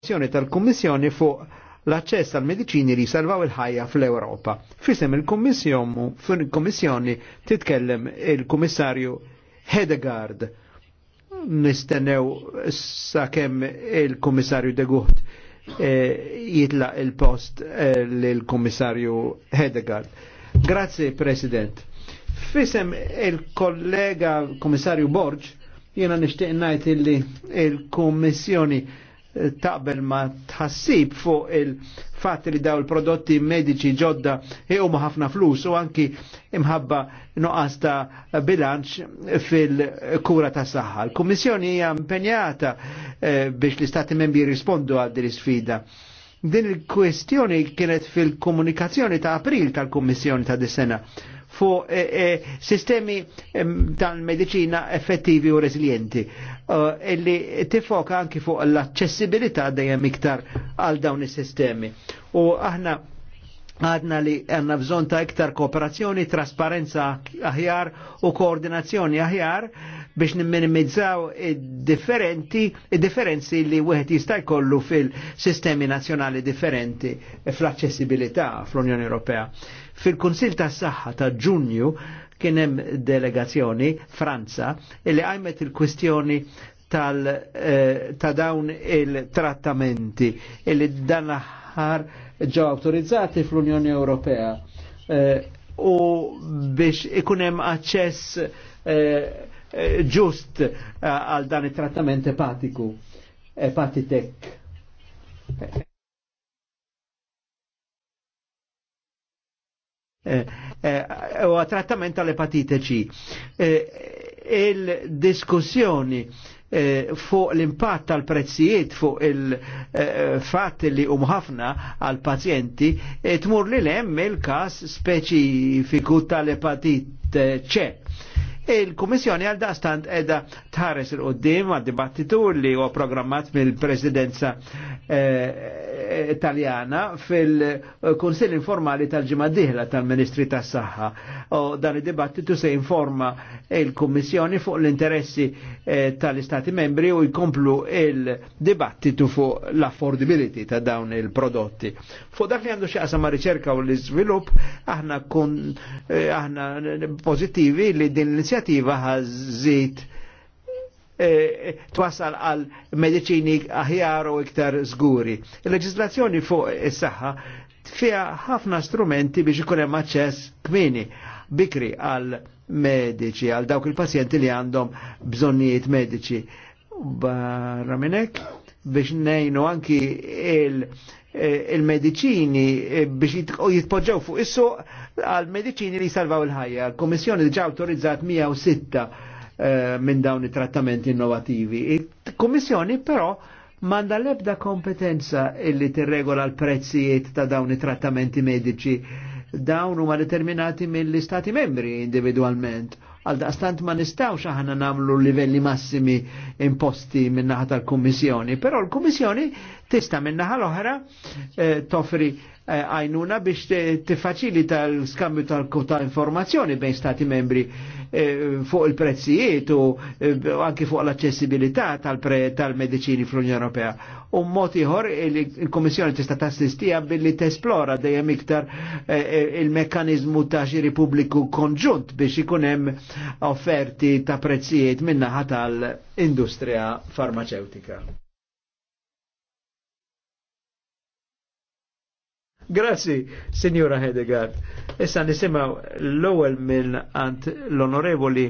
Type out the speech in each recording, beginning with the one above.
l-azzjoni tal-Kummissjoni fuq l-aċċess tal medicini li salvaw il-ħajja fl-Ewropa. Fisem il-Kummissjoni titkellem il-Kummissarju Hedegaard. Nistennew sakemm il-Kummissarju de Gucht eh, jitla il-post eh, l-Kummissarju Hedegaard. Grazie, President. Fisem il-kollega Kummissarju Borġ, jena nishtiq najt il-Kummissjoni il kummissjoni taqbel ma tħassib fuq il-fat li daw il-prodotti medici ġodda huma ħafna flus u anki imħabba noqas ta' bilanċ fil-kura ta' saħħa. l kummissjoni hija impenjata eh, biex l-Istati membri jirrispondu għal din sfida Din il-kwestjoni kienet fil-komunikazzjoni ta' april tal-Kummissjoni ta' dis-sena fuq eh, eh, sistemi tal-medicina effettivi u resilienti eh, illi tifoka anki fuq l-accessibilità dejjem iktar għal dawn is-sistemi. U aħna għadna li għanna bżon ta' iktar kooperazzjoni, trasparenza aħjar u koordinazzjoni aħjar biex nimminimizzaw id-differenti, id-differenzi li wieħed jista' jkollu fil-sistemi nazzjonali differenti fl-aċċessibilità fl-Unjoni Ewropea. Fil-Kunsil tas saħħa ta' Ġunju kien hemm delegazzjoni Franza li għajmet il-kwistjoni tal, eh, ta' dawn il-trattamenti illi dan l-aħħar ġew autorizzati fl-Unjoni Ewropea eh, u biex ikun hemm aċċess eh, Eh, ġust eh, għal dan it-trattament epatiku, epatitek. Eh, U trattament tal epatiteċi Il-diskussjoni fuq l-impatt tal-prezzijiet fuq il fat li umħafna għal pazjenti tmur li lem il-kas speċifiku tal-epatit ċe Il-Kummissjoni għal dastant edha tħares il-qoddim għad dibattitu li huwa programmat mill-Presidenza Eh, italjana fil-Konsil informali tal-ġimgħa diħla tal-Ministri tas-Saħħa. U dan id-dibattitu se informa il kommissjoni fuq l-interessi eh, tal-Istati membri u jkomplu il-dibattitu fuq l-affordability ta' dawn il-prodotti. Fuq dak li għandu xaqsa ma' riċerka u l-iżvilupp, aħna kun eh, aħna pozittivi li din l-inizjattiva ħażit Eh, twasal għal medicini aħjar u iktar zguri. Il-leġislazzjoni fuq is-saħħa fija ħafna strumenti biex ikun hemm aċċess kmini bikri għal medici għal dawk il-pazjenti li għandhom bżonnijiet mediċi. Barra minnek biex nejnu anki il- eh, il-medicini eh, biex jitpoġġew fuq is-suq għal medicini li salvaw il-ħajja. il kommissjoni diġa autorizzat 106 Eh, minn dawn it-trattamenti innovativi. Il-Kommissjoni però manda lebda kompetenza illi tirregola l-prezzijiet ta' dawn it-trattamenti mediċi dawn huma determinati mill-istati membri individualment. Għal daqstant ma nistawx aħna namlu livelli massimi imposti minnaħa tal-Kummissjoni, però l-Kummissjoni tista minnaħa l-oħra eh, toffri għajnuna biex tifaċilita l-skambju tal-informazzjoni bejn stati membri eh, fuq il-prezzijiet u eh, anki fuq l-accessibilità tal-medicini fl-Unjoni Ewropea. U mod ieħor il-Kommissjoni tista' tassistija billi tesplora dejjem iktar eh, il-mekkaniżmu ta' xiri pubbliku konġunt biex ikun hemm offerti ta' prezzijiet minnaħa tal-industrija farmaceutika. Grazzi, Signora Hedegaard. Issa nisimaw l-ewwel minn ant l-Onorevoli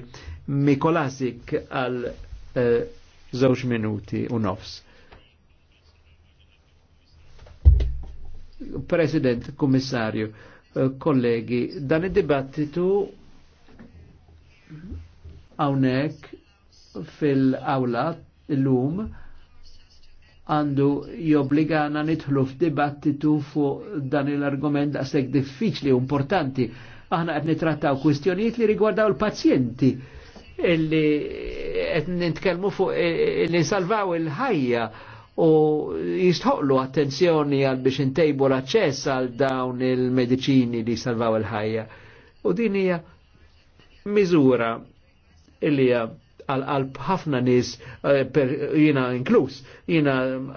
Mikolasik għal eh, żewġ minuti u nofs. President, Kummissarju, eh, kollegi, dan id-dibattitu hawnhekk fil-awla l-lum għandu jobbligana nidħlu f'dibattitu fuq dan l-argument għasek diffiċli u importanti. Aħna qed nitrattaw kwistjonijiet li rigwardaw il-pazjenti illi qed nitkellmu fuq e, e, li salvaw il-ħajja u jistħoqlu attenzjoni għal biex intejbu l-aċċess għal dawn il-mediċini li salvaw il-ħajja. U din hija miżura illi hija għal-qalb ħafna nis eh, jina inklus, jina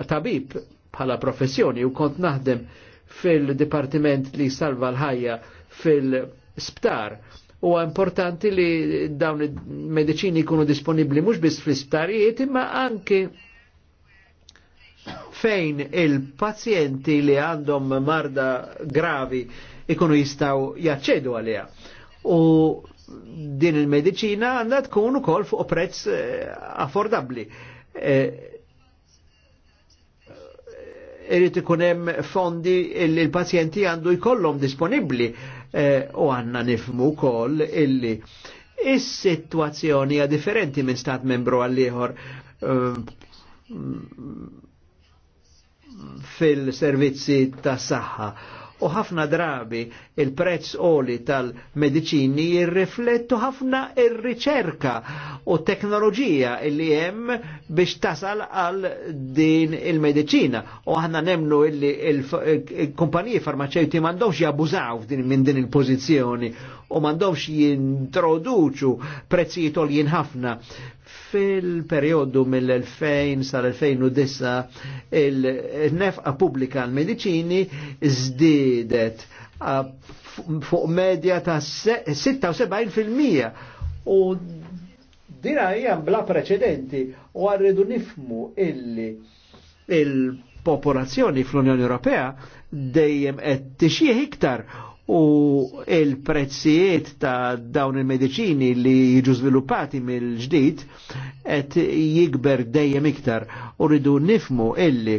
tabib bħala professjoni u kont naħdem fil-dipartiment li salva l-ħajja fil-sptar u importanti li dawn il-medicini kunu disponibli mux bis fl-isptarijiet imma anki fejn il-pazjenti li għandhom marda gravi ikunu jistaw jaċċedu għalija. U din il-medicina għandha tkun ukoll fuq prezz eh, affordabbli. Eh, irrid ikun hemm fondi li l-pazjenti għandu jkollhom disponibbli eh, u għandna nifmu wkoll illi is-sitwazzjoni hija differenti minn stat membru għal ieħor fil-servizzi tas saħħa u ħafna drabi il-prezz oli tal-medicini jirriflettu ħafna il riċerka u teknoloġija li hemm biex tasal għal din il-medicina u aħna nemnu illi il-kumpaniji farmaceutiċi m'għandhomx jabużaw minn din il-pożizzjoni u mandomx jintroduċu prezzijiet oljin ħafna. Fil-periodu mill-2000 sal-2009 il-nefqa pubblika l-medicini zdidet fuq medja ta' 76% u dina hija bla preċedenti u għarridu nifmu illi il-popolazzjoni fl-Unjoni Ewropea dejjem qed tixjih iktar u il-prezzijiet ta' dawn il-medicini li jiġu sviluppati mill-ġdid qed jikber dejjem iktar u rridu nifmu illi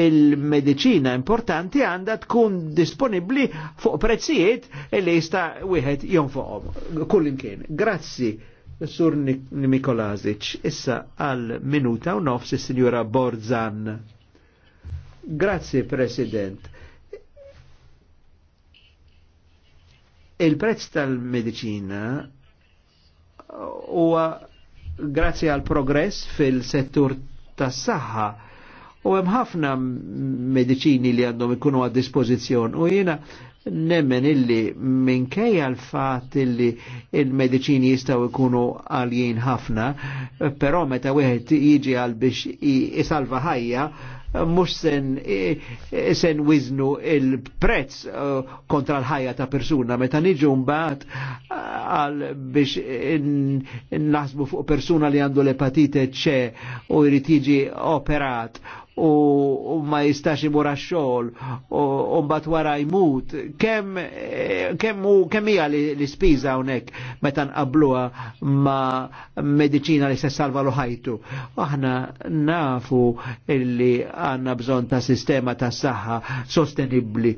il-medicina importanti għandha tkun disponibbli fuq prezzijiet illi jista' wieħed jonfoqhom kullimkien. Grazzi Sur Mikolazic, issa għal minuta u nofs is signora Borzan. Grazzi President Il-prezz tal-medicina huwa grazzi għal progress fil-settur tas-saħħa u hemm ħafna mediċini li għandhom ikunu għad dispożizzjon u jiena nemmen illi minkejja l-fat illi il-medicini jistaw ikunu għaljien ħafna, però meta wieħed jiġi għal biex isalva ħajja, mux sen, eh, sen wiznu il-prezz eh, kontra l-ħajja ta' persuna. Meta niġu mbaħt eh, għal biex naħsbu fuq persuna li għandu l-epatite ċe u jrid jiġi operat u ma jistax imur għax-xogħol u mbagħad wara jmut, kemm eh, kemm kemm hija l-ispiża hawnhekk meta nqabbluha ma' mediċina li se salva lu ħajtu. Aħna nafu illi għandna bżonn ta' sistema ta' saħħa sostenibbli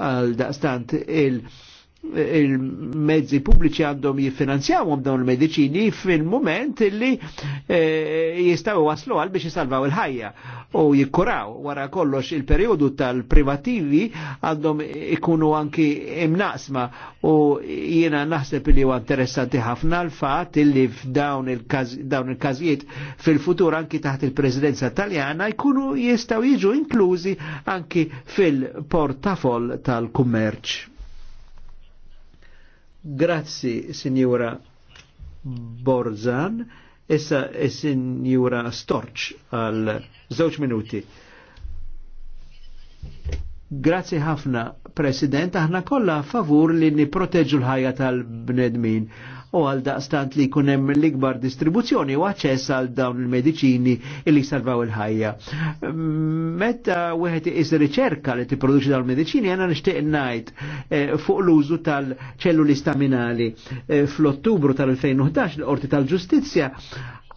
għal daqstant il- il-mezzi pubbliċi għandhom jiffinanzjawhom dawn il-mediċini fil-moment li eh, jistaw waslu għal biex jisalvaw il-ħajja u jikkuraw wara kollox il-periodu tal-privativi għandhom ikunu anki imnaqsma u jiena naħseb li huwa interessanti ħafna l-fatt illi f'dawn il-każijiet fil-futur anki taħt il-Presidenza Taljana jkunu jistaw jiġu inklużi anki fil-portafol tal-kummerċ. Grazzi, Signora Borzan. Issa, e Signora Storch għal żewġ minuti. Grazzi ħafna, President, aħna kollha favur li nipproteġu l-ħajja tal-bnedmin u għal daqstant li kunem l-ikbar distribuzzjoni u għacċess għal dawn il-medicini li salvaw il-ħajja. Meta wieħed is riċerka li tipproduċi dawn il-medicini għana nishtiq najt eh, fuq l-użu tal-ċelluli staminali. Eh, Fl-Ottubru tal-2011 l-Orti tal-Ġustizja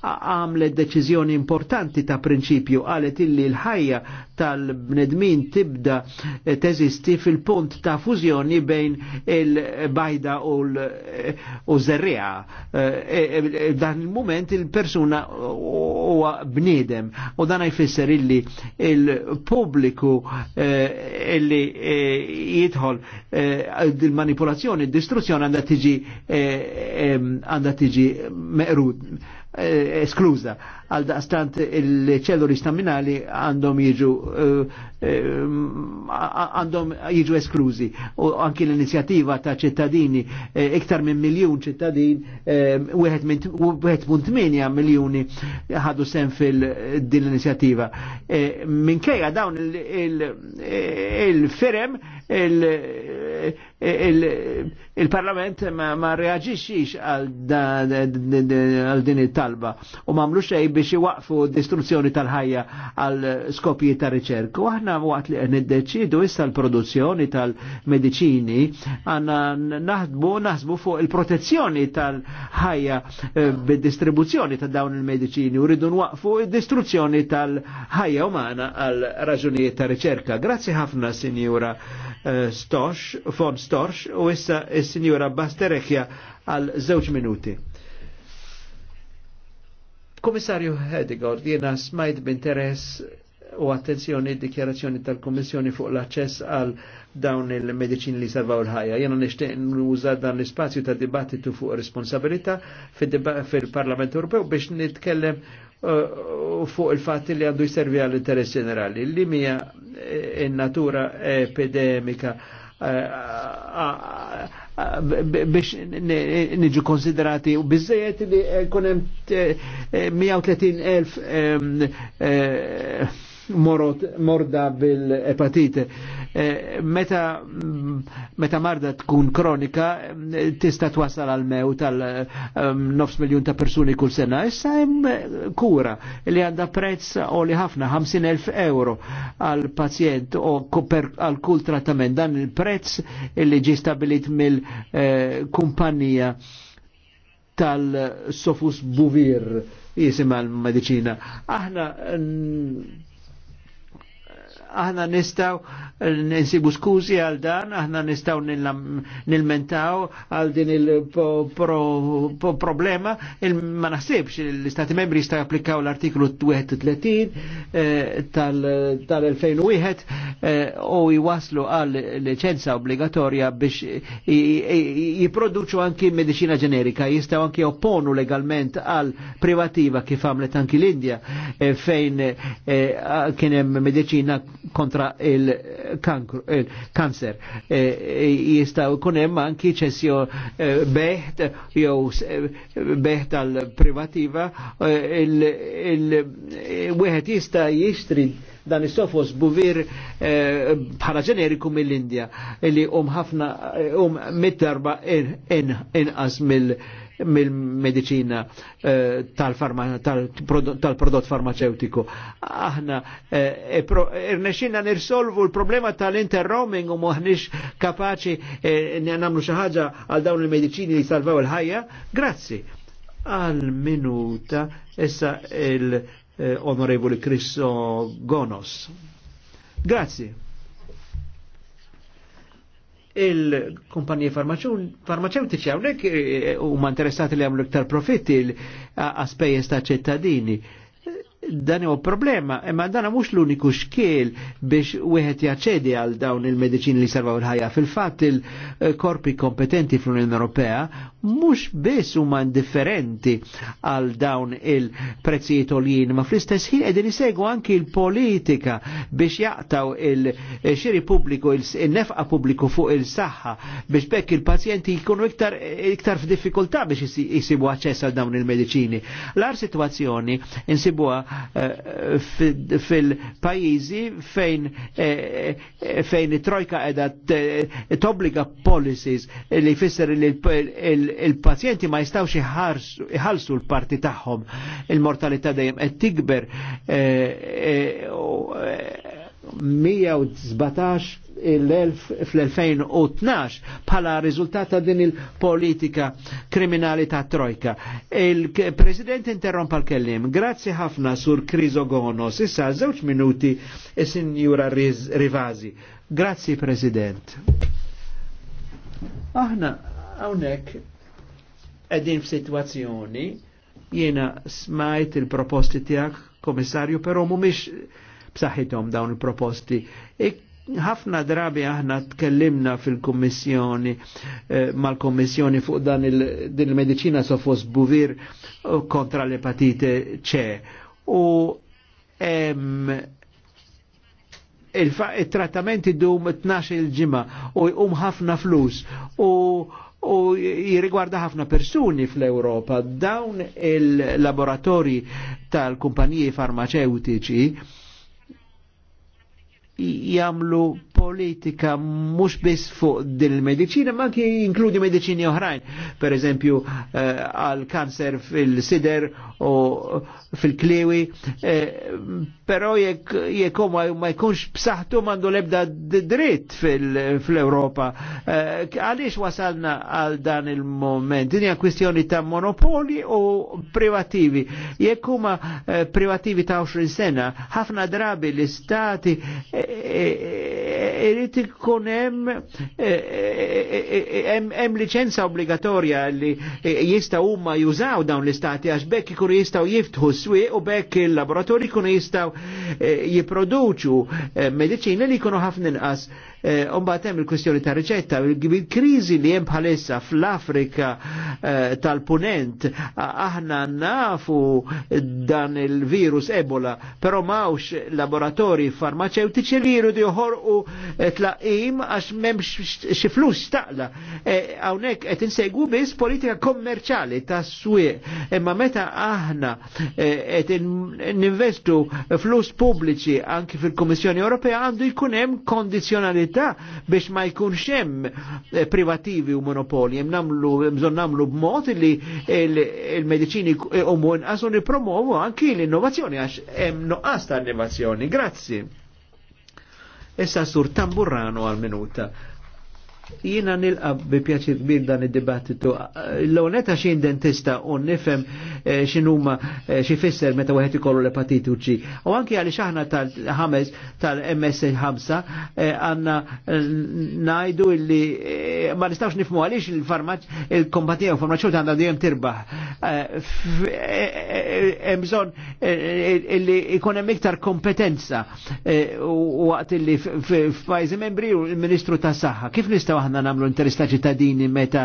għamlet deċiżjoni importanti ta' prinċipju għalet illi l-ħajja tal-bnedmin tibda teżisti fil-punt ta' fużjoni bejn il-bajda u l-żerrija. E, e, e, dan il-moment il-persuna huwa bniedem u dan jfisser illi il publiku illi jidħol il-manipolazzjoni, il-distruzzjoni għandha tiġi għandha tiġi meqrud Eh, esklusa għal daqstant il-ċelluli staminali għandhom jiġu eh, eh, għandhom jiġu esklużi u anki l-inizjattiva ta' ċittadini eh, iktar minn miljun ċittadin 1.8 miljuni ħadu sen fil-din l-inizjattiva. Minkejja dawn il-firem il firem il parlament ma reagixix għal din it-talba u mamlu xej biex iwaqfu distruzzjoni tal-ħajja għal skopji ta' riċerku. Aħna waqt li niddeċidu issa l-produzzjoni tal-medicini għanna naħdbu naħsbu fuq il-protezzjoni tal-ħajja eh, bid-distribuzzjoni ta' dawn il-medicini u ridu nwaqfu id-distruzzjoni tal-ħajja umana għal raġunijiet ta' riċerka. Grazzi ħafna, Sinjura eh, Stosh, Fon Stosh, u issa is-Sinjura Basterekja għal żewġ minuti. Komissarju Hedigord, jena smajt b'interess u attenzjoni dikjarazzjoni tal komissjoni fuq l-aċċess għal dawn il-medicini li salvaw l-ħajja. Jena nishtiq nuża dan l-ispazju ta' dibattitu fuq responsabilità fil-Parlament Ewropew biex nitkellem uh, fuq il-fatt li għandu jservi għall-interess ġenerali. Li mija eh, in-natura epidemika biex niġu konsiderati u bizzejet li eh, kunem 130.000 eh, eh, morda bil-epatite Eh, meta, meta marda tkun kronika eh, tista' twasal għal mew tal eh, nofs miljun ta' persuni kull sena. Issa hemm kura li għandha prezz o li ħafna 50.000 euro għal pazjent o għal kull trattament dan il-prezz li ġi stabilit mill-kumpanija tal-Sofus Buvir jisima l-medicina. Aħna aħna nistaw ninsibu skużi għal dan, aħna nistaw nil-mentaw għal din il-problema, ma naħsibx l-Istati membri jistaw applikaw l-artiklu 31 eh, tal-2001 eh, u jwaslu għal licenza obbligatorja biex jiproduċu anki medicina ġenerika, jistaw anki opponu legalment għal privativa kif għamlet anki l-Indja eh, fejn kienem medicina kontra il-kanser. E, e, e, il e, jistaw kunem anki ċessjo beħt, jew beħt tal privativa il-wieħed jista jixtri dan is-sofos buvir bħala ġeneriku mill-Indja li um ħafna um mid-darba inqas mill- mill-medicina eh, tal-prodott farmaceutiku. Aħna eh, e irnexina nirsolvu l-problema tal-interroaming u muħnix kapaċi eh, nagħmlu xi ħaġa għal dawn il medicini li salvaw il-ħajja. Grazzi. Għal minuta essa il-Onorevoli Crisso Gonos. Grazie il-kumpanije farmaceutiċi għawnek eh, huma interessati li għamlu iktar profitti għaspejjes ta' ċittadini. Dan huwa problema, imma dan mhux l-uniku xkiel biex wieħed jaċċedi għal dawn il-mediċini li salvaw il-ħajja. Fil-fatt il-korpi kompetenti fl-Unjoni Ewropea mhux biss huma indifferenti għal dawn il-prezzijiet oljin, ma fl-istess ħin qegħdin isegwu anki l-politika biex jaqtaw il-xiri pubbliku, il-nefqa pubbliku fuq il-saħħa biex bekk il-pazjenti jkunu iktar, iktar f'diffikultà biex jisibu aċċess għal dawn il-mediċini. L-ar situazzjoni insibuha eh, fil-pajjiżi fejn eh, eh, fejn it-trojka qiegħda obliga policies li jfisser li il-pazjenti ma jistawx iħalsu l-parti tagħhom. Il-mortalità dejjem qed tikber 117 eh, eh, eh, fl-2012 bħala riżultat ta' din il-politika kriminali ta' trojka. Il-President interrompa l-kellim. Grazzi ħafna sur Krizogono. Issa żewġ minuti is-Sinjura Rivazi. Grazzi President. Aħna hawnhekk edin f-situazzjoni, jena smajt il-proposti tijak, komissarju, pero mumiex b'saħħithom dawn il-proposti. E ħafna drabi aħna tkellimna fil-kommissjoni, eh, mal-kommissjoni fuq dan il-din il-medicina sofos buvir eh, kontra l-epatite C. U em, il-trattamenti dum 12 il ġima u jqum ħafna flus u u jirigwarda ħafna persuni fl-Europa. Dawn il-laboratori tal-kumpaniji farmaceutiċi jamlu politika mhux bis fuq dil medicina ma ki inkludi medicini oħrajn, per eżempju eh, għal eh, kanser fil-sider u fil kliwi uh, eh, però jekk ma jkunx b'saħħtu mandu lebda dritt fil-Europa. Eh, Għaliex wasalna għal dan il-moment? Dini hija kwistjoni ta' monopoli u privativi. Jekk huma eh, privativi ta' 20 sena, ħafna drabi l-istati irrid ikun eh, eh, eh, hemm hemm liċenza obbligatorja li jistgħu huma jużaw dawn l-istati għax bekk ikunu jistgħu jiftħu s-swieq u bekk il-laboratorji jkunu jistgħu jipproduċu mediċina li jkunu ħafna inqas Eh, Umbat hemm il-kwestjoni ta' riċetta, il-kriżi li hemm bħalissa fl-Afrika eh, tal-Punent, aħna nafu dan il-virus Ebola, però mawx laboratori farmaceutiċi li jiru joħorqu eh, tlaqim għax m'hemmx xi flus taqla. Hawnhekk qed insegwu biss politika kommerċali ta' swieq, imma meta aħna qed ninvestu flus pubbliċi anki fil kommissjoni Ewropea għandu jkun hemm kondizjonalità flessibilità biex ma jkun xem eh, privativi u monopoli. Jem namlu bżonn namlu b'mod li il-mediċini eh, u inqasu promovu anki l-innovazzjoni għax hemm noqqas ta' innovazzjoni. Grazzi. Issa sur tamburrano għal minuta. Jina nilqa bi pjaċir kbir dan id-dibattitu. L-għonet xin dentista u nifem xinuma xifisser meta wieħed ikollu l-epatitu ċi. U anki għalli xaħna tal-ħames tal-MS5 għanna najdu illi ma nistawx nifmu għalix il-farmaċ il-kombatija u farmaċuta għandha dejjem tirbaħ. Mżon illi ikun hemm iktar kompetenza u waqt illi f'pajjiżi membri u l-Ministru tas-Saħħa. Kif nistgħu aħna namlu interess ta' ċittadini meta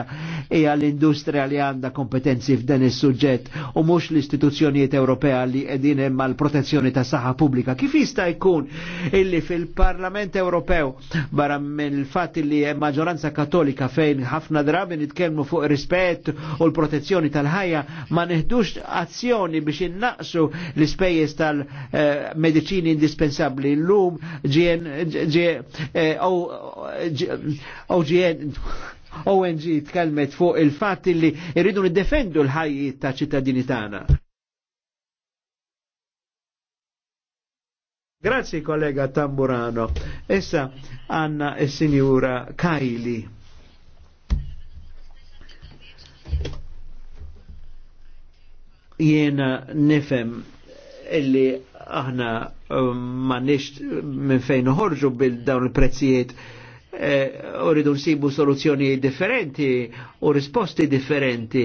hija l-industrija li għandha kompetenzi f'dan is-suġġett u mhux l-istituzzjonijiet Ewropea li qegħdin hemm mal-protezzjoni ta' saħħa pubblika. Kif jista' jkun illi fil-Parlament Ewropew barra mill-fatt li hemm maġġoranza Katolika fejn ħafna drabi nitkellmu fuq rispett u l-protezzjoni tal-ħajja ma neħdux azzjoni biex innaqsu l-ispejjeż tal-mediċini indispensabbli llum ġien OGN, ONG tkellmet fuq il fat li irridu niddefendu l-ħajjiet ta' ċittadini tagħna. Grazzi kollega Tamburano. Essa għanna il-Sinjura e Kajli. Jiena nifem illi aħna um, ma nix minn fejn uħorġu bil dawn il-prezzijiet Eh, uridu nsibu soluzzjoni differenti u risposti differenti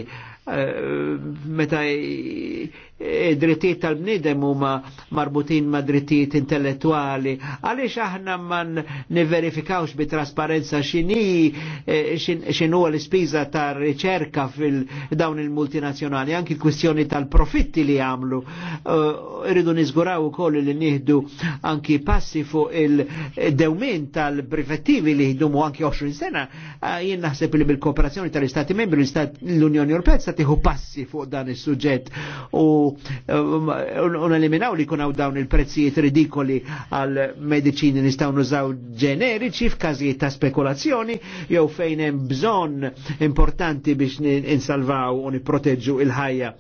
eh, meta drittijiet tal-bnidem huma marbutin ma' drittijiet intellettuali. Għaliex aħna ma niverifikawx bi trasparenza xini eh, xinu l-ispiża ta' riċerka fil-dawn il-multinazzjonali, anki kwistjoni tal-profitti li għamlu. Eh, irridu nizguraw ukoll li nieħdu anki passi fuq il-dewmin tal-prefettivi li jdumu anki 20 sena, eh, jien naħseb li bil-kooperazzjoni tal-Istati membri l-Unjoni Ewropea tista' tieħu passi fuq dan is-suġġett u un-eliminaw li kunaw dawn il-prezzijiet ridikoli għal medicini nistaw nużaw ġeneriċi f'każijiet ta' spekulazzjoni jew fejn hemm bżonn importanti biex insalvaw u nipproteġġu il-ħajja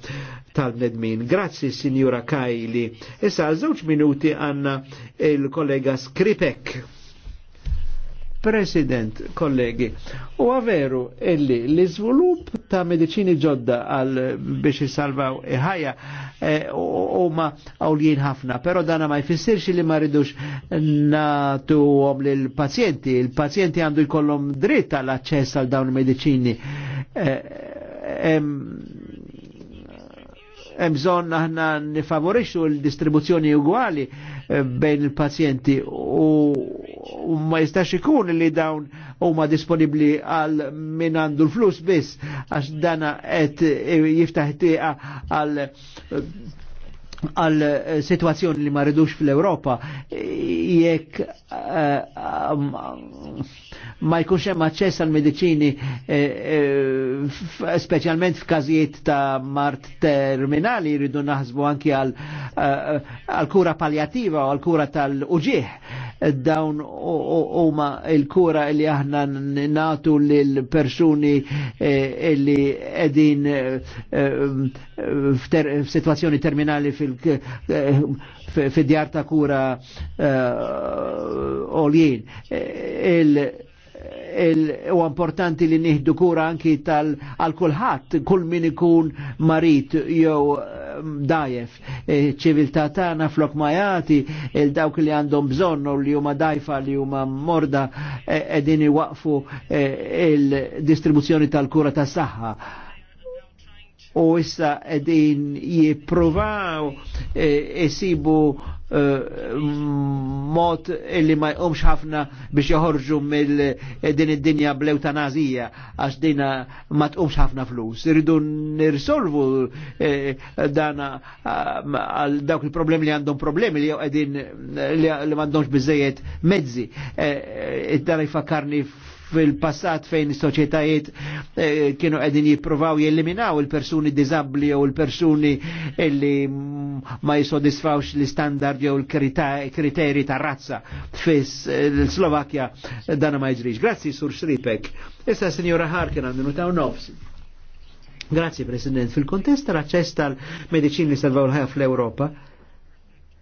tal-bnedmin. Grazzi, Sinjura Kajli. Issa, żewġ minuti għanna il-kollega Skripek. President, kollegi, u għaveru illi l-izvolup ta' medicini ġodda għal biex jisalvaw iħajja eh, u ma għawljien ħafna, pero dana ma jfissirx li ma ridux natu għom l pazienti il pazienti għandu jkollhom dritt għal access għal dawn medicini. Eh, bżon aħna nifavorixxu l-distribuzzjoni ugwali eh, bejn il-pazjenti u ma jistax ikun li dawn huma disponibbli għal min għandu l-flus biss għax dana qed jiftaħ għal eh, għal eh, situazzjoni li ma fil-Europa eh, jekk eh, ma jkunx hemm aċċess għal mediċini speċjalment f'każijiet ta' mart terminali jridu naħsbu anki għal kura paljattiva u għal kura tal-uġieħ dawn huma il-kura li aħna natu lil-persuni eh, li edin eh, eh, f'sitwazzjoni terminali fil-djar ta' kura oljien u importanti li nieħdu kura anki tal kulħat kulħadd kull min ikun marit jew dajef. E, ċiviltà tagħna flok ma il dawk li għandhom bżonn u li huma dajfa li huma morda qegħdin waqfu e, il-distribuzzjoni tal-kura tas-saħħa u issa qegħdin jippruvaw isibu e, e, mod illi ma jqomx ħafna biex joħorġu mill e, din id-dinja bl-eutanazija għax dina ma tqomx ħafna flus. Irridu nirsolvu dana għal dawk il-problemi li għandhom problemi li għedin li għandhomx bizzejiet mezzi. Dana jfakarni fil-passat fejn soċietajiet eh, kienu għedin jipprovaw jeliminaw il-persuni dizabli u il-persuni illi mm, ma jisodisfawx l-standard jew l-kriteri ta' razza fis eh, l-Slovakja dana ma jġriġ. Grazzi, Sur Sripek. Issa, Signora Harkin, għandinu ta' nofsi. Grazie President. Fil-kontest tal-aċċess tal-medicini salvaw l-ħajja fl-Europa,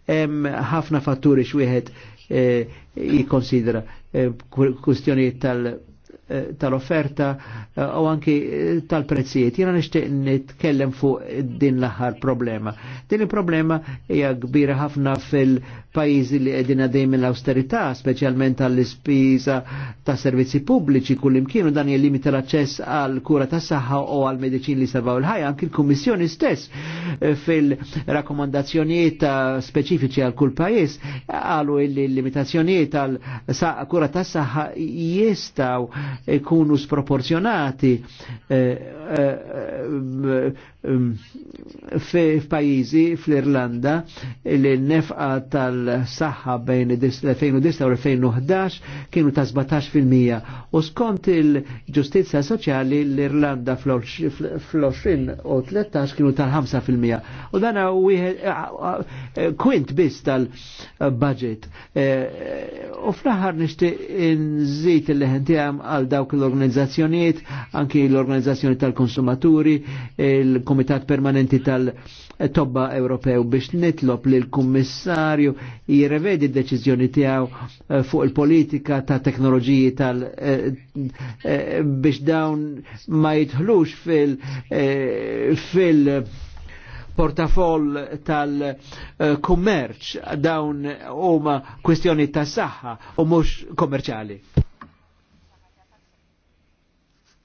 hemm ħafna fatturi x'wieħed eh, jikkonsidra eh, kwistjonijiet tal- eh, tal-offerta u anki tal-prezzijiet. Jena nishtiq nitkellem fuq din l-aħħar problema. Din il-problema hija kbira ħafna fil-pajjiżi li qegħdin għadejn mill-austerità, speċjalment għall-ispiża ta' servizzi pubbliċi kullim kienu dan jellimita l-aċċess għal kura tas saħħa u għal mediċin li salvaw il-ħajja. Anki l-Kummissjoni stess fil-rakkomandazzjonijiet ta' speċifiċi għal kull pajis għalu il-limitazzjonijiet għal kura tas saħħa jistaw ikunu sproporzjonati f'pajjiżi fl-Irlanda li nefqa tal-saħħa bejn 2010 u 2011 kienu ta' 17% u skont il-ġustizja soċjali l-Irlanda fl-20 u 13 kienu tal-5% U dana U dan eh, eh, eh, kwint biss tal-budget. U fl-aħħar nixtieq inżid il-leħen għal dawk l-organizzazzjonijiet, anki l-organizzazzjoni tal-konsumaturi, il-Komitat Permanenti tal-Tobba Ewropew biex nitlob li l-Kummissarju jirrevedi d-deċiżjoni tiegħu fuq il-politika ta' teknoloġiji tal- biex dawn ma jidħlux fil- fil- portafoll tal-kummerċ dawn huma kwestjoni ta' saħħa u mhux kommerċjali.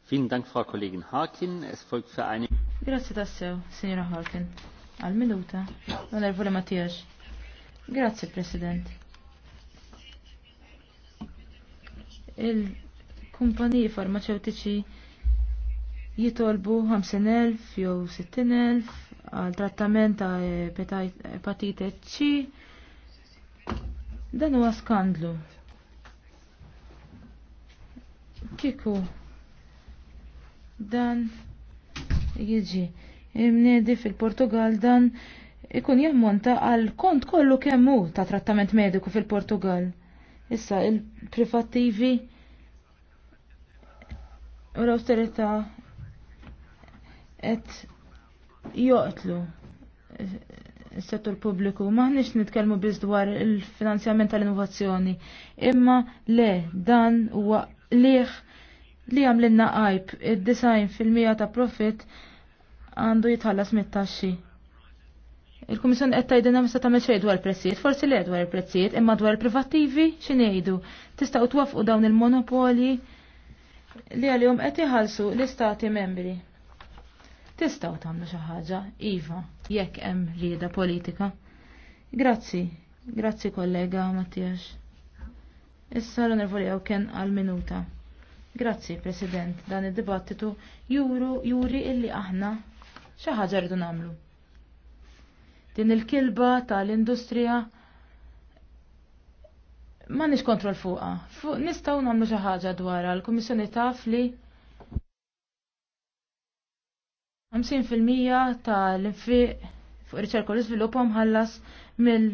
Vielen Dank, Frau Kollegin Harkin. Es folgt für eine. Grazie tassew, signora Harkin. Al minuta. Non er vole Mattias. Grazie, President. Il-kumpaniji farmaceutici jitolbu 5.000 jew 60.000 għal trattament ta' epatite C dan huwa skandlu. Kiku dan jiġi imnedi fil-Portugal dan ikun jammonta għal kont kollu kemmu ta' trattament mediku fil-Portugal. Issa il-privattivi u l austerita et joqtlu s-settur pubbliku. Maħniex nitkellmu biss dwar il-finanzjament tal-innovazzjoni, imma le dan huwa liħ li għamlinna għajb id-design fil-mija ta' profit għandu jitħallas mit-taxxi. il komissjon qed tgħidilna ma se tagħmel xejn dwar prezzijiet, forsi le dwar il-prezzijiet, imma dwar il-privattivi ngħidu? Tistgħu twafqu dawn il-monopoli li għalihom qed iħallsu l-istati membri. Tistgħu tagħmlu xi ħaġa, iva, jekk hemm rieda politika. Grazzi, grazzi kollega Mattijax. Issa l-nervoli kien għal-minuta. Grazzi, President, dan id-dibattitu juru juri illi aħna xi ħaġa rridu nagħmlu. Din il-kilba tal-industrija ma nix kontrol fuqa. Fuq nistaw namlu xi ħaġa għal l-Kummissjoni taf li 50% tal-infiq fuq riċerka u l-iżvilupp mħallas mill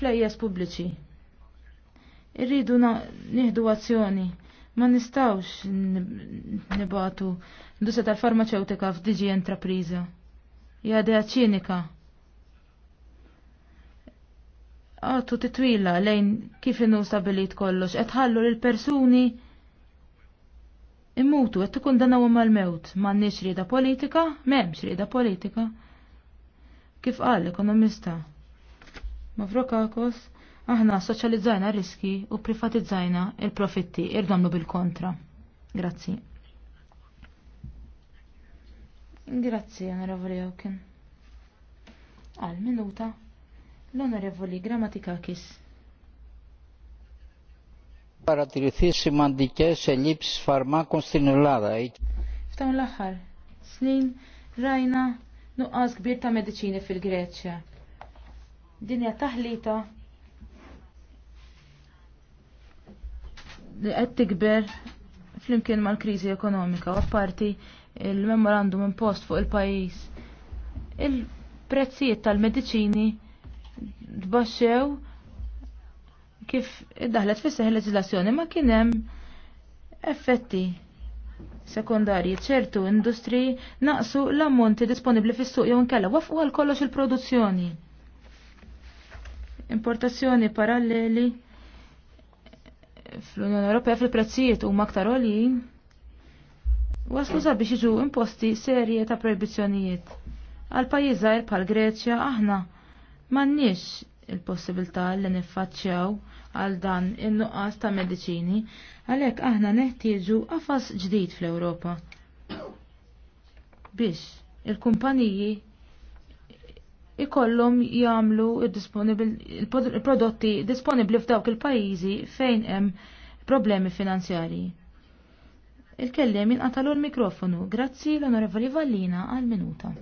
flejjes pubbliċi. Irridu nieħdu azzjoni. Ma nistawx nibatu ndusa tal-farmaceutika f'diġi Ja dea ċinika. Għatu titwila lejn kif inu stabilit kollox. Etħallu l-persuni immutu qed tikkundanaw mal-mewt m'għandniex rieda politika, m'hemmx rida politika. Kif għal l-ekonomista Mavrokakos, aħna soċjalizzajna riski u privatizzajna il-profitti irdomlu bil-kontra. Grazzi. Grazzi, onorevoli Hawken. Għal minuta, l-onorevoli Kis. Παρατηρηθεί σημαντικές ελλείψεις φαρμάκων στην Ελλάδα. F'dawn l-aħħar snin rajna nuqqas kbir ta' mediċini fil-Greċja. Dinja taħlita li qed tikber flimkien mal-kriżi ekonomika u apparti il-memorandum impost fuq il-pajjiż. Il-prezzijiet tal-mediċini tbaxxew kif iddaħlet fis seħ leġislazzjoni ma kien hemm effetti sekundarji ċertu industri naqsu l-ammonti disponibbli fis-suq jew inkella wafqu għal kollox il-produzzjoni. Importazzjoni paralleli fl-Unjoni Ewropea fil-prezzijiet huma aktar olin waslu sabiex jiġu imposti serje ta' proibizzjonijiet. Għal pajjiżajr bħal Greċja aħna m'għandniex il-possibilità li niffaċċjaw għal dan in-nuqqas ta' medicini, għalhekk aħna neħtieġu qafas ġdid fl-Ewropa. Biex il-kumpaniji ikollhom jagħmlu il-prodotti disponibli disponibbli f'dawk il-pajjiżi fejn hemm problemi finanzjarji. Il-kellem jinqatalu l-mikrofonu. Grazzi l-Onorevoli Vallina għal minuta.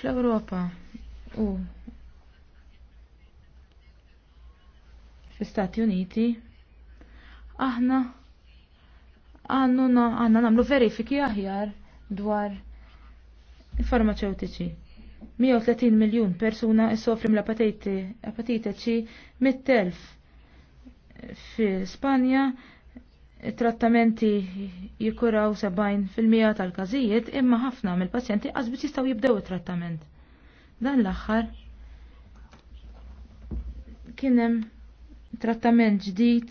Fl-Ewropa u fl-Istati Uniti, aħna għannuna għanna namlu verifiki aħjar dwar farmaceutiċi. 130 miljon persuna issofri mill-apatite C mit-telf fi Spanja trattamenti jikuraw 70% tal-każijiet imma ħafna mill-pazjenti għazbiċ jistgħu jibdew it-trattament. Dan l-aħħar kien hemm trattament ġdid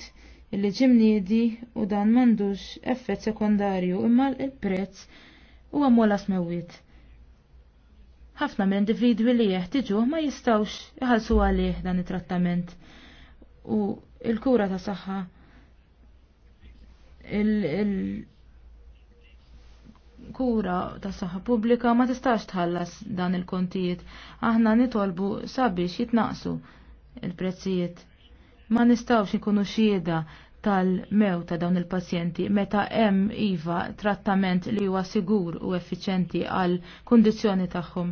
illi ġimniedi u dan m'għandux effett sekondarju imma il-prezz huwa mola smewiet. Ħafna minn individwi li jeħtiġu ma jistawx iħallsu għalih dan it-trattament u il-kura ta' saħħa il-kura il ta' saħħa pubblika ma tistax tħallas dan il-kontijiet. Aħna nitolbu sabiex jitnaqsu il-prezzijiet. Ma nistawx ikunu xieda tal-mew ta' dawn il-pazjenti meta hemm iva trattament li huwa sigur u effiċenti għal kundizzjoni tagħhom.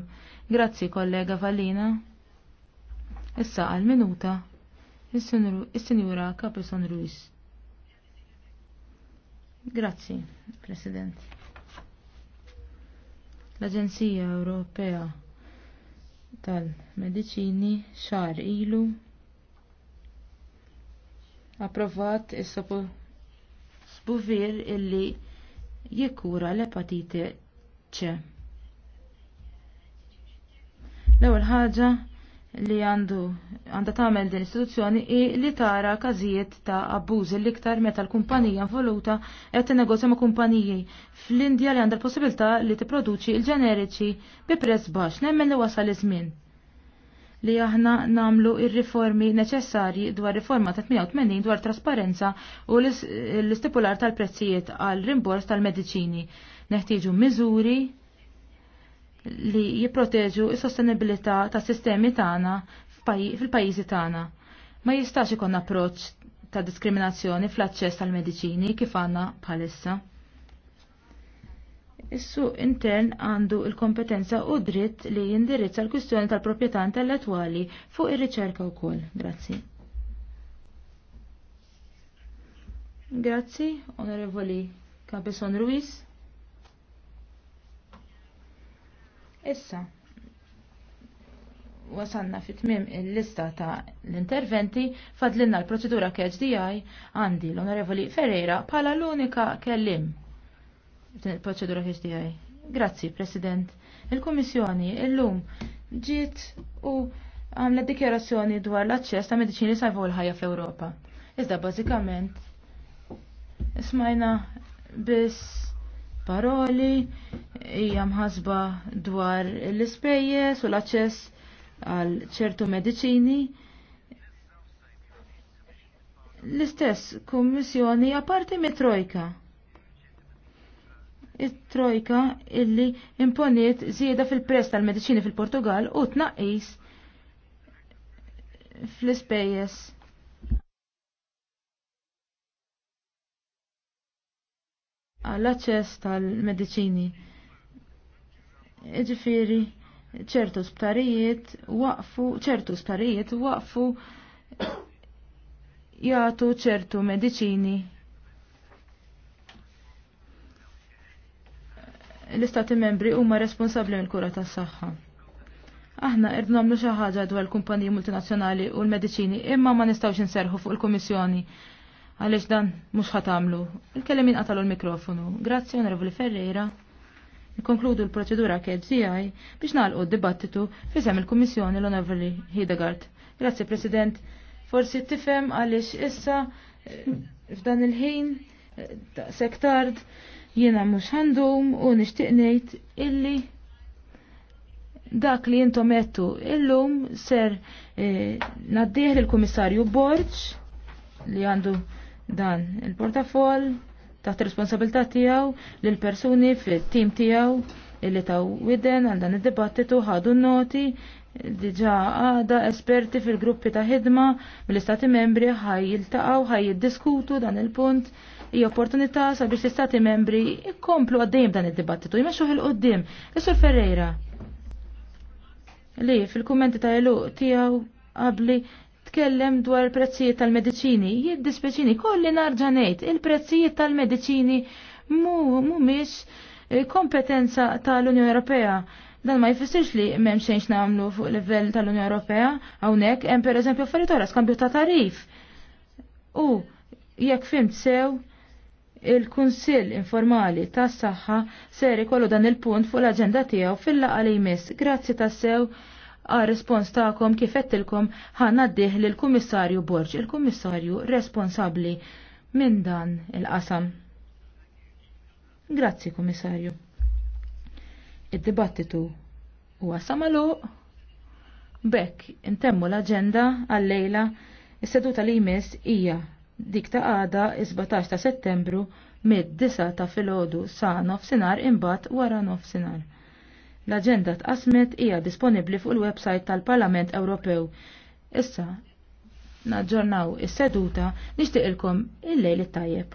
Grazzi kollega Valina. Issa għal minuta is-Sinjura Capison Ruiz. Grazzi, President. L-Aġenzija Ewropea tal medicini xar ilu approvat issa buvir illi jikkura l-epatite C. L-ewwel ħaġa li għandu għandha tagħmel din istituzzjoni i li tara każijiet ta' abbuż l-iktar meta l-kumpanija involuta qed tinnegozja ma' kumpaniji fl-Indja li għandha l-possibilità li tipproduċi l-ġeneriċi bi prezz baxx nemmen li wasal iż-żmien li aħna namlu il riformi neċessari dwar riforma ta' 88 dwar trasparenza u l-istipular tal-prezzijiet għal rimbors tal-mediċini. Neħtieġu miżuri li jipproteġu is-sostenibilità ta' sistemi tagħna fil-pajjiżi tagħna. Ma jistax ikun approċċ ta' diskriminazzjoni fl-aċċess tal-mediċini kif għandna bħalissa. Is-suq intern għandu il-kompetenza u dritt li jindirizza l-kwistjoni tal-proprjetà intellettwali fuq ir-riċerka wkoll. Grazzi. Grazzi, Onorevoli Cabezon Ruiz. Issa, wasanna fit tmim il-lista ta' l-interventi fadlinna l-procedura KHDI għandi l-Onorevoli Ferreira pala l-unika kellim il-proċedura HDI. Grazzi, President. Il-Kommissjoni illum ġiet u għamlet dikjarazzjoni dwar l-aċċess ta' mediċini sajfu l-ħajja fl-Ewropa. Iżda bażikament smajna biss paroli hija mħasba dwar l-ispejjeż u l-aċċess għal ċertu mediċini. L-istess kummissjoni apparti mitrojka. trojka it-trojka illi imponiet zieda fil-prezz tal-mediċini fil-Portugal u tnaqqis fl-ispejjeż. għall-aċċess tal-mediċini. Iġifiri, ċertu sptarijiet waqfu, ċertu sptarijiet waqfu jagħtu ċertu medicini l-istati membri huma responsabbli mill-kura tas-saħħa. Aħna irdu nagħmlu xi ħaġa dwar l kumpaniji multinazzjonali u l-mediċini imma ma nistgħux inserħu fuq il-Kummissjoni għaliex dan mhux ħatamlu. il kellem inqatalu l-mikrofonu. Grazzi Onorevoli Ferreira. Nkonkludu l-proċedura KGI biex nalqu d-dibattitu sem il-Kummissjoni l-Onorevoli Hidegard. Grazzi President. Forsi tifem għaliex issa eh, f'dan il-ħin eh, sektard jiena mhux għandum u nixtieq ngħid illi dak li jintom għettu illum ser eh, naddieħ l komissarju Borġ li għandu dan il-portafol taħt responsabilità tiegħu l persuni fit-tim tiegħu illi taw widen għal dan id-dibattitu ħadu noti diġa għada esperti fil-gruppi ta' ħidma mill-istati membri ħaj jiltaqgħu ħaj jiddiskutu dan il-punt i opportunità sabiex l-istati membri jkomplu għaddejjem dan id-dibattitu, jmexxuh il-qoddim. Isur Ferreira, li fil-kummenti ta' elu tiegħu qabli tkellem dwar il-prezzijiet tal-mediċini, jiddispeċini kolli narġa' ngħid il-prezzijiet tal-mediċini mhumiex eh, kompetenza tal-Unjoni Ewropea. Dan ma jfissirx li m'hemm xejn nagħmlu fuq livell tal-Unjoni Ewropea hawnhekk hemm pereżempju affarijiet oħra skambju ta' tarif. U jekk fimt sew il-Kunsill Informali tas saħħa ser ikollu dan il-punt fuq l-aġenda tiegħu fil-laqgħa li jmiss. Grazzi tassew għal respons tagħkom kif qedtilkom ħanna ddih lill-Kummissarju Borġ, il-Kummissarju responsabbli minn dan il-qasam. Grazzi, Kummissarju. Id-dibattitu huwa samalu bekk intemmu l-aġenda għal-lejla is-seduta li jmiss hija dik ta' għada 17 ta' settembru mid-9 ta' filgħodu sa' nofsinar imbagħad wara nofsinar. L-aġenda tqasmet hija disponibbli fuq il-website tal-Parlament Ewropew. Issa naġġornaw is-seduta nixtieqilkom il-lejl it-tajjeb.